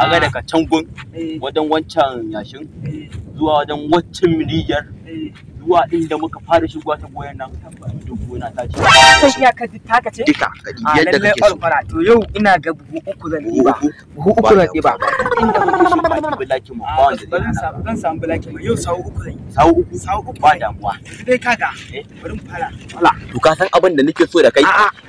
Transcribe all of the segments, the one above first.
ga daga can gun eh. wajen wancan yashin eh. zuwa wajen waccan rijiyar eh. zuwa da muka fara shigowa ta goyon nan duk gona ta ce ta iya ka ta kace? duka ah, yadda kake so to yau ina ga buhu uku zan diba buhu uku zan diba inda muke shi ba bulaki mu ba wanda zan samu zan samu bulaki mu yau sawu uku zan sawu uku sawu uku ba damuwa dai kaga eh? bari mu fara wala to ka san abin da nake so da kai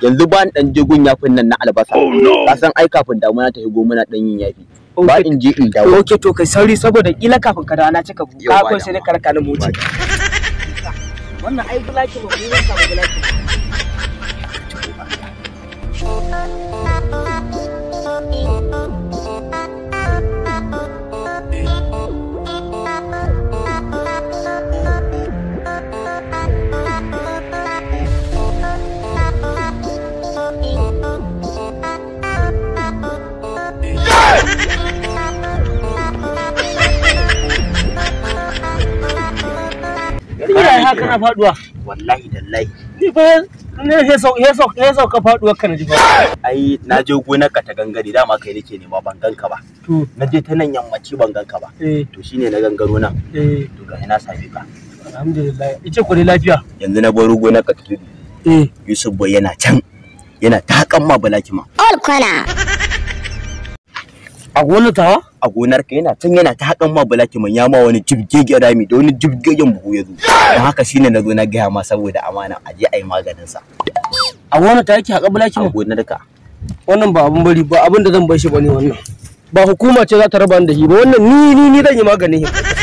yanzu ba dan jigun yafin nan na albasa oh, ka san ai kafin damuna ta higo muna dan yin yafi ba in je in dawo okay to kai sauri saboda kila kafin ka dawo na cika buka ko sai ne karkanin mota wannan ai gulaki ba ku zan samu bulaki Thank you. haka kana faduwa wallahi dallahi ni fa ne he sau he sau he sau ka faduwa kana ji ba ai na je gonar ka ta gangare dama kai nake nema ban ganka ba na je ta nan yammaci ban ganka ba eh. to shine na gangaro nan eh. to ga ina same ka alhamdulillah ice ku dai lafiya yanzu na baro gonar ka tudu eh Yusuf boy yana can yana takan ma balaki ma all a gonar tawa a gonarka yana can yana ta hakan ma bulaki man ya ma wani jibgegen rami da wani jibgegen buhu ya zo don haka shine na zo na gaya ma saboda amana a je a yi maganin sa a gonar ta yake haƙa bulaki man a gonarka wannan ba abun bari ba abin zan bar shi bane wannan ba hukuma ce za ta raba ni da shi ba wannan ni ni ni zan yi maganin shi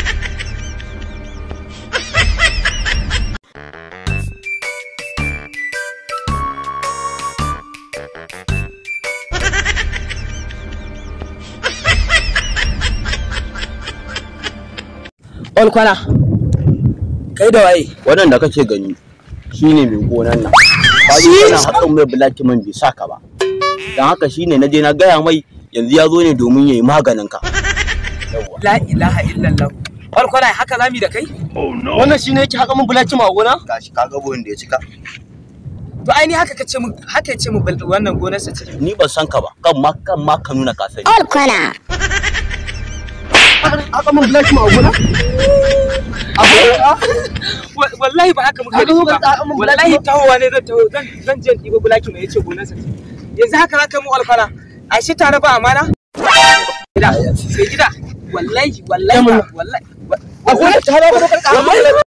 Olkwana. Kai da waye? Wannan da kake gani shine mai gonan nan. Shi ne haɗin mai bulaki man bai saka ba. Dan haka shine na je na gaya mai yanzu ya zo ne domin yayi maganin ka. La ilaha illallah. Olkwana haka zami da kai? Oh no. Wannan shine yake haka mun bulaki ma gona? Gashi ka ga da ya cika. to ai ni haka kace mu haka yace mu wannan gonar sa ce ni ban san ka ba kan ma kan ma ka nuna ka sani alkona aka mun black ma gona wallahi ba haka muka yi ba wallahi tahowa ne zan taho zan zan je ɗiba black mai yace gonarsa yanzu haka za ka mu alfana ashe tare ba amana gida sai gida wallahi wallahi wallahi